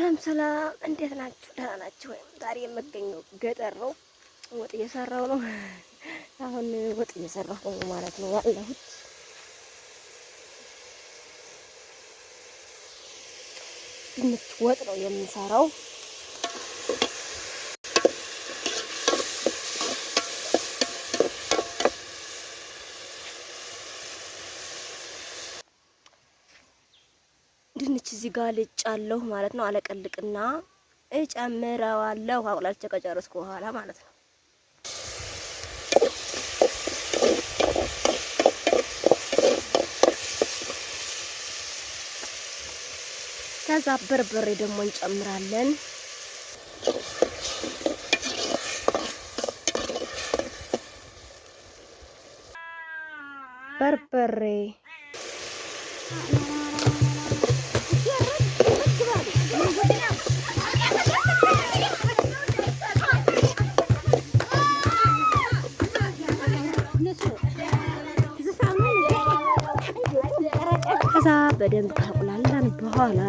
ሰላም ሰላም፣ እንዴት ናችሁ? ደህና ናችሁ ወይም? ዛሬ የምገኘው ገጠር ነው። ወጥ እየሰራው ነው። አሁን ወጥ እየሰራሁ ነው ማለት ነው ያለሁት። ድንች ወጥ ነው የምሰራው። ድንች እዚህ ጋር ልጫለሁ ማለት ነው። አለቀልቅና እጨምረዋለሁ አቁላልቼ ከጨረስኩ በኋላ ማለት ነው። ከዛ በርበሬ ደግሞ እንጨምራለን። በርበሬ ከዛ በደንብ ካቁላላን በኋላ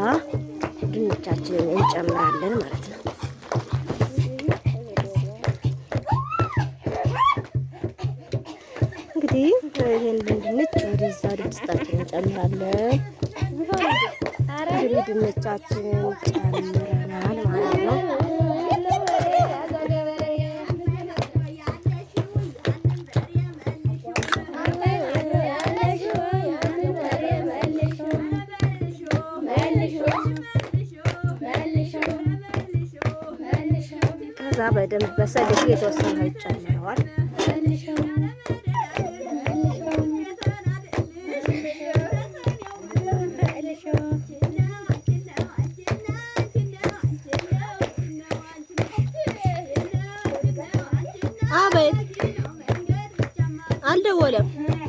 ድንቻችንን እንጨምራለን ማለት ነው። እንግዲህ ይህን ድንች ወደዛ ድስታችን እንጨምራለን። እንግዲህ ድንቻችንን ጨምረናል ማለት ነው። ከዛ በደንብ በሰልግ የተወሰነ ይጨምረዋል። አቤት አልደወለም።